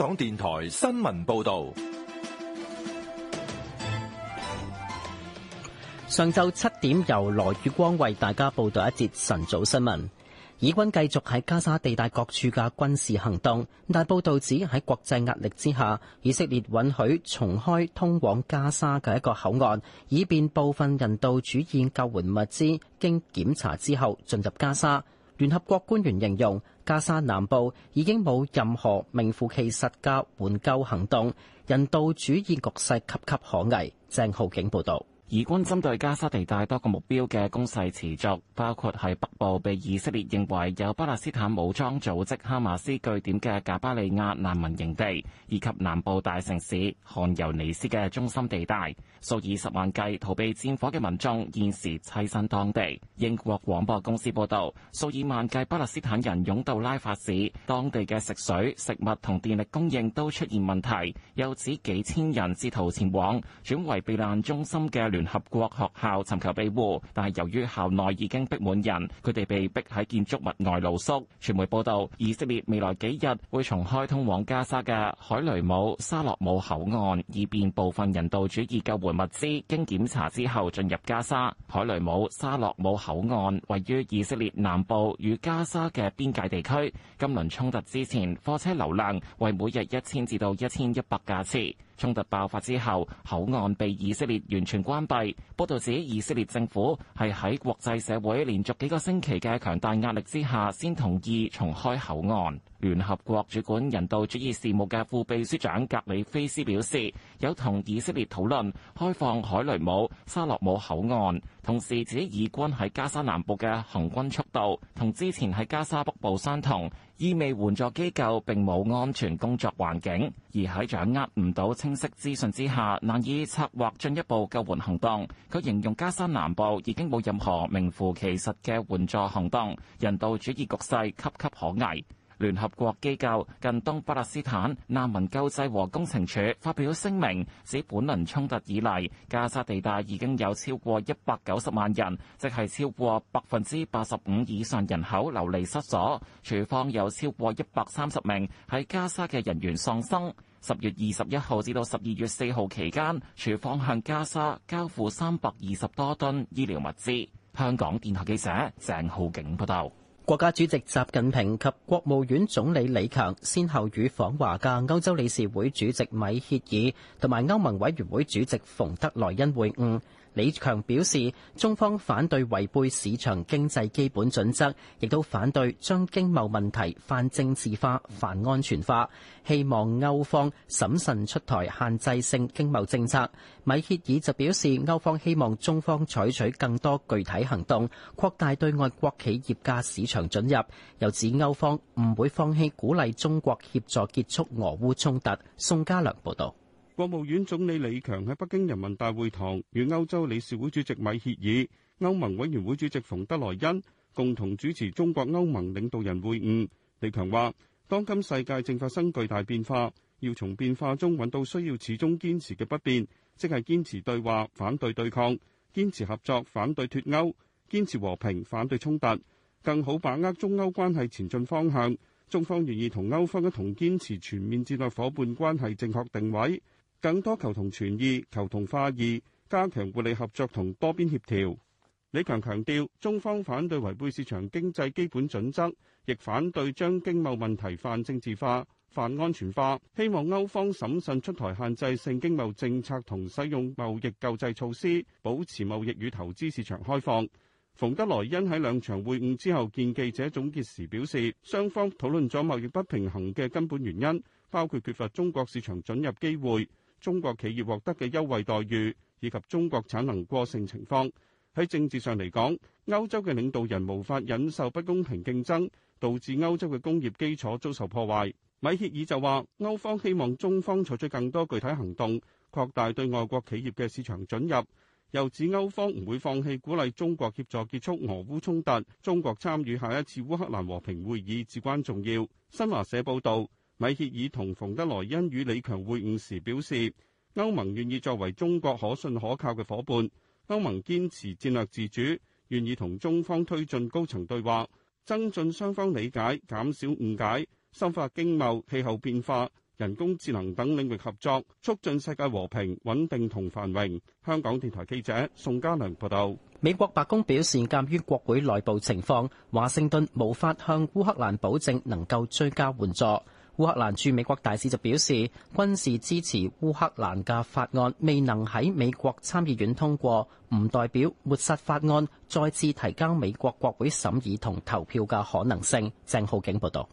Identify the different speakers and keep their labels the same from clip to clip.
Speaker 1: 港電台新聞報道：
Speaker 2: 上晝七點，由羅宇光為大家報道一節晨早新聞。以軍繼續喺加沙地帶各處嘅軍事行動，但報道指喺國際壓力之下，以色列允許重開通往加沙嘅一個口岸，以便部分人道主義救援物資經檢查之後進入加沙。聯合國官員形容，加沙南部已經冇任何名副其實嘅援救行動，人道主義局勢岌岌可危。鄭浩景報導。以軍針對加沙地帶多個目標嘅攻勢持續，包括喺北部被以色
Speaker 3: 列認為有巴勒斯坦武裝組織哈馬斯據點嘅賈巴利亞難民營地，以及南部大城市汗尤尼斯嘅中心地帶。數以十萬計逃避戰火嘅民眾現時棲身當地。英國廣播公司報導，數以萬計巴勒斯坦人湧到拉法市，當地嘅食水、食物同電力供應都出現問題，又指幾千人試圖前往轉為避難中心嘅聯合國學校尋求庇護，但係由於校內已經逼滿人，佢哋被逼喺建築物外露宿。傳媒報道，以色列未來幾日會重開通往加沙嘅海雷姆沙洛姆口岸，以便部分人道主義救援物資經檢查之後進入加沙。海雷姆沙洛姆口岸位於以色列南部與加沙嘅邊界地區。今輪衝突之前，貨車流量為每日一千至到一千一百架次。衝突爆發之後，口岸被以色列完全關閉。報道指，以色列政府係喺國際社會連續幾個星期嘅強大壓力之下，先同意重開口岸。聯合國主管人道主義事務嘅副秘書長格里菲斯表示，有同以色列討論開放海雷姆、沙洛姆口岸，同時指以軍喺加沙南部嘅行軍速度同之前喺加沙北部相同。意味援助機構並冇安全工作環境，而喺掌握唔到清晰資訊之下，難以策劃進一步救援行動。佢形容加沙南部已經冇任何名副其實嘅援助行動，人道主義局勢岌岌可危。聯合國機構近東巴勒斯坦難民救濟和工程署發表聲明，指本輪衝突以嚟，加沙地帶已經有超過一百九十萬人，即係超過百分之八十五以上人口流離失所。署方有超過一百三十名喺加沙嘅人員喪生。十月二十一號至到十二月四號期間，署方向加沙交付
Speaker 2: 三百二十多噸醫療物資。香港電台記者鄭浩景報道。國家主席習近平及國務院總理李強先後與訪華嘅歐洲理事會主席米歇爾同埋歐盟委員會主席馮德萊恩會晤。李強表示，中方反對違背市場經濟基本準則，亦都反對將經貿問題泛政治化、泛安全化。希望歐方審慎出台限制性經貿政策。米歇爾就表示，歐方希望中方採取更多具體行動，擴大對外國企業家市場准入。又指歐方唔會放棄鼓勵中國協助結束俄烏衝
Speaker 4: 突。宋家良報道。國務院總理李強喺北京人民大會堂與歐洲理事會主席米歇爾、歐盟委員會主席馮德萊恩共同主持中國歐盟領導人會晤。李強話：當今世界正發生巨大變化，要從變化中揾到需要始終堅持嘅不變，即係堅持對話反對對抗，堅持合作反對脫歐，堅持和平反對衝突，更好把握中歐關係前進方向。中方願意同歐方一同堅持全面戰略伙伴關係正確定位。更多求同存異，求同化異，加強互利合作同多邊協調。李強強調，中方反對違背市場經濟基本準則，亦反對將經貿問題泛政治化、泛安全化。希望歐方審慎出台限制性經貿政策同使用貿易救濟措施，保持貿易與投資市場開放。馮德萊恩喺兩場會晤之後見記者總結時表示，雙方討論咗貿易不平衡嘅根本原因，包括缺乏中國市場準入機會。中國企業獲得嘅優惠待遇，以及中國產能過剩情況，喺政治上嚟講，歐洲嘅領導人無法忍受不公平競爭，導致歐洲嘅工業基礎遭受破壞。米歇爾就話，歐方希望中方採取更多具體行動，擴大對外國企業嘅市場准入。又指歐方唔會放棄鼓勵中國協助結束俄烏衝突，中國參與下一次烏克蘭和平會議至關重要。新華社報道。米歇爾同馮德萊恩與李強會晤時表示，歐盟願意作為中國可信可靠嘅伙伴。歐盟堅持戰略自主，願意同中方推進高層對話，增進雙方理解，減少誤解，深化經貿、氣候變化、人工智能等領域合作，促進世界和平、穩定同繁榮。香港電台記者宋家良報道。美國白宮表示，鑒於國會內部情況，華盛頓
Speaker 2: 無法向烏克蘭保證能夠追加援助。烏克蘭駐美國大使，就表示，軍事支持烏克蘭嘅法案未能喺美國參議院通過，唔代表抹殺法案再次提交美國國會審議同投票嘅可能性。鄭浩景報道。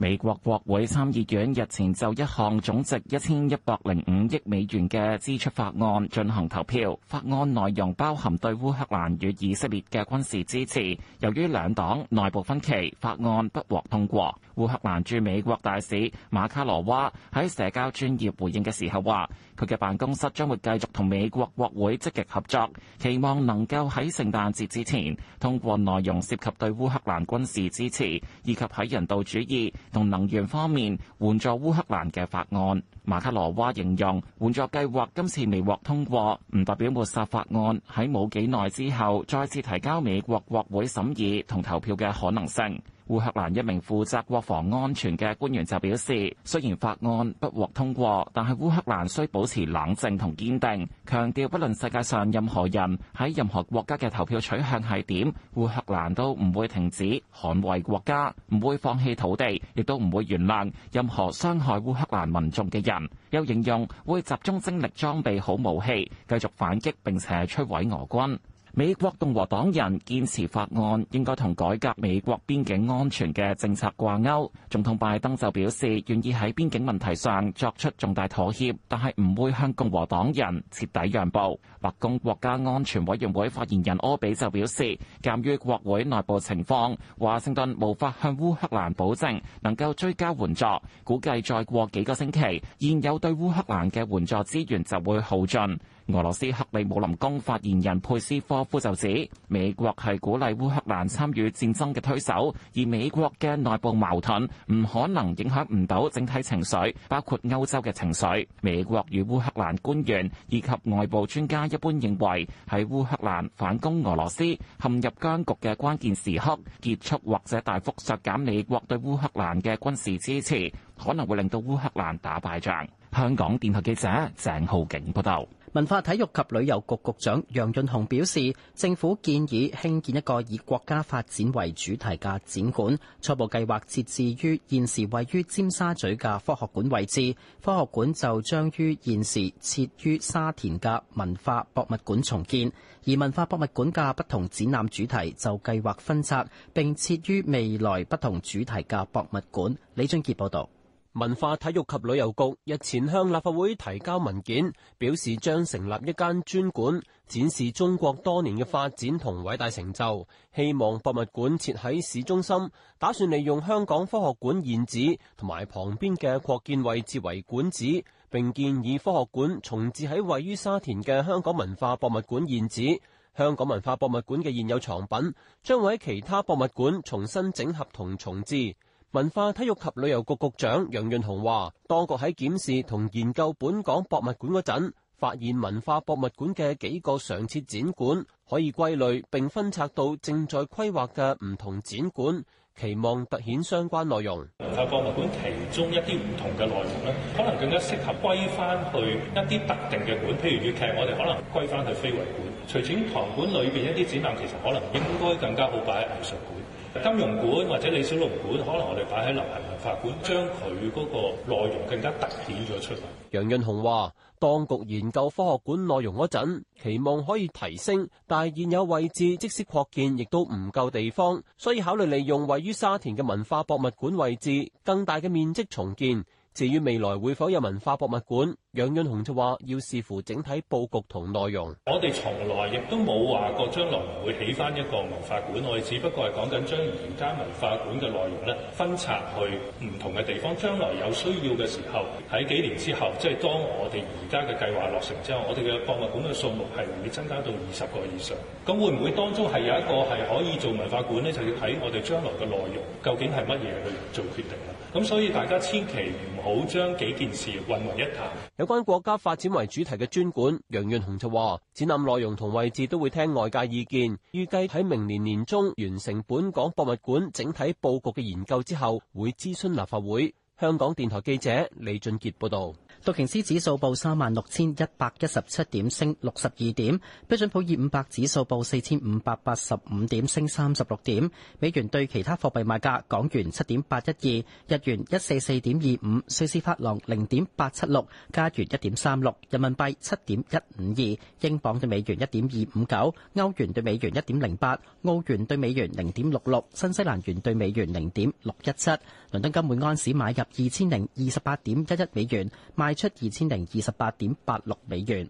Speaker 2: 美國國會參議院日前就一項
Speaker 3: 總值一千一百零五億美元嘅支出法案進行投票，法案內容包含對烏克蘭與以色列嘅軍事支持。由於兩黨內部分歧，法案不獲通過。烏克蘭駐美國大使馬卡羅娃喺社交專業回應嘅時候話，佢嘅辦公室將會繼續同美國國會積極合作，期望能夠喺聖誕節之前通過內容涉及對烏克蘭軍事支持以及喺人道主義，同能源方面援助烏克蘭嘅法案，馬卡羅娃形容援助計劃今次未獲通過，唔代表抹殺法案喺冇幾耐之後再次提交美國國會審議同投票嘅可能性。烏克蘭一名負責國防安全嘅官員就表示，雖然法案不獲通過，但係烏克蘭需保持冷靜同堅定，強調不論世界上任何人喺任何國家嘅投票取向係點，烏克蘭都唔會停止捍衛國家，唔會放棄土地，亦都唔會原諒任何傷害烏克蘭民眾嘅人。又形容會集中精力裝備好武器，繼續反擊並且摧毀俄軍。美國共和黨人堅持法案應該同改革美國邊境安全嘅政策掛鈎。總統拜登就表示願意喺邊境問題上作出重大妥協，但係唔會向共和黨人徹底讓步。白宮國家安全委員會發言人柯比就表示，鑑於國會內部情況，華盛頓無法向烏克蘭保證能夠追加援助，估計再過幾個星期，現有對烏克蘭嘅援助資源就會耗盡。俄羅斯克里姆林宮發言人佩斯科夫就指，美國係鼓勵烏克蘭參與戰爭嘅推手，而美國嘅內部矛盾唔可能影響唔到整體情緒，包括歐洲嘅情緒。美國與烏克蘭官員以及外部專家一般認為，喺烏克蘭反攻俄羅斯陷入僵局嘅關鍵時刻，結束或者大幅削減美國對烏克蘭嘅軍事支持，可能會令到烏克蘭打敗
Speaker 2: 仗。香港電台記者鄭浩景報道。文化體育及旅遊局局長楊潤雄表示，政府建議興建一個以國家發展為主題嘅展館，初步計劃設置於現時位於尖沙咀嘅科學館位置。科學館就將於現時設於沙田嘅文化博物館重建，而文化博物館嘅不同展覽主題就計劃分拆，並設於未來不同主題嘅博物館。李俊杰報道。
Speaker 1: 文化體育及旅遊局日前向立法會提交文件，表示將成立一間專館，展示中國多年嘅發展同偉大成就。希望博物館設喺市中心，打算利用香港科學館現址同埋旁邊嘅擴建位置為館址，並建議科學館重置喺位於沙田嘅香港文化博物館現址。香港文化博物館嘅現有藏品將會喺其他博物館重新整合同重置。文化體育及旅遊局局長楊潤雄話：當局喺檢視同研究本港博物館嗰陣，發現文化博物館嘅幾個常設展館可以歸類，並分拆到正在規劃嘅唔同展館，期望凸顯相關內容。
Speaker 4: 文化博物館其中一啲唔同嘅內容咧，可能更加適合歸翻去一啲特定嘅館，譬如粵劇，我哋可能歸翻去非遺館；徐展堂館裏邊一啲展覽，其實可能應該更加好擺喺藝術館。金融館或者李小龍館，可能我哋擺喺流行文化館，將佢嗰個內容更加突顯咗出嚟。
Speaker 1: 楊潤雄話，當局研究科學館內容嗰陣，期望可以提升，但係現有位置即使擴建，亦都唔夠地方，所以考慮利用位於沙田嘅文化博物館位置，更大嘅面積重建。至於未來會否有文化博物館，楊潤雄就話要視乎整體佈局同內容。
Speaker 4: 我哋從來亦都冇話過將來會起翻一個文化館，我哋只不過係講緊將而家文化館嘅內容咧分拆去唔同嘅地方。將來有需要嘅時候，喺幾年之後，即係當我哋而家嘅計劃落成之後，我哋嘅博物館嘅數目係會增加到二十個以上。咁會唔會當中係有一個係可以做文化館呢？就要睇我哋將來嘅內容究竟係乜嘢去做決定啦。咁所以大家千祈唔好。好將幾件事混為一談。
Speaker 1: 有關國家發展為主題嘅專館，楊潤雄就話，展覽內容同位置都會聽外界意見，預計喺明年年中完成本港博物館整體布局嘅研究之後，會諮詢立法會。香港電台記者李俊杰報道：
Speaker 2: 道瓊斯指數報三萬六千一百一十七點，升六十二點；標準普爾五百指數報四千五百八十五點，升三十六點。美元兌其他貨幣賣價：港元七點八一二，日元一四四點二五，瑞士法郎零點八七六，加元一點三六，人民幣七點一五二，英鎊兌美元一點二五九，歐元兌美元一點零八，澳元兌美元零點六六，新西蘭元兌美元零點六一七。倫敦金每安士買入。二千零二十八點一一美元賣出二千零二十八點八六美元。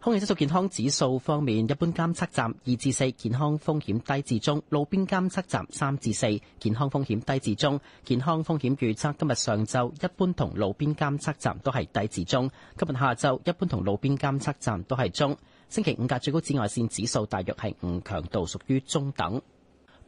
Speaker 2: 空氣質素健康指數方面，一般監測站二至四，健康風險低至中；路邊監測站三至四，健康風險低至中。健康風險預測，今日上晝一般同路邊監測站都係低至中，今日下晝一般同路邊監測站都係中。星期五嘅最高紫外線指數大約係五，強度屬於中等。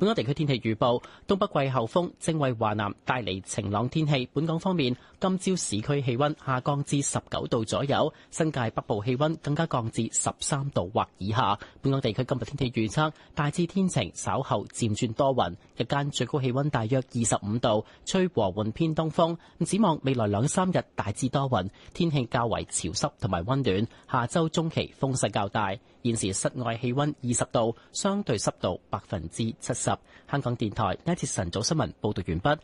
Speaker 2: 本港地區天氣預報：東北季候風正為華南帶嚟晴朗天氣，本港方面，今朝市區氣温下降至十九度左右，新界北部氣温更加降至十三度或以下。本港地區今日天氣預測大致天晴，稍後漸轉多雲，日間最高氣温大約二十五度，吹和緩偏東風。指望未來兩三日大致多雲，天氣較為潮濕同埋温暖。下周中期風勢較大。現時室外氣温二十度，相對濕度百分之七十。香港電台呢節晨早新聞報道完畢。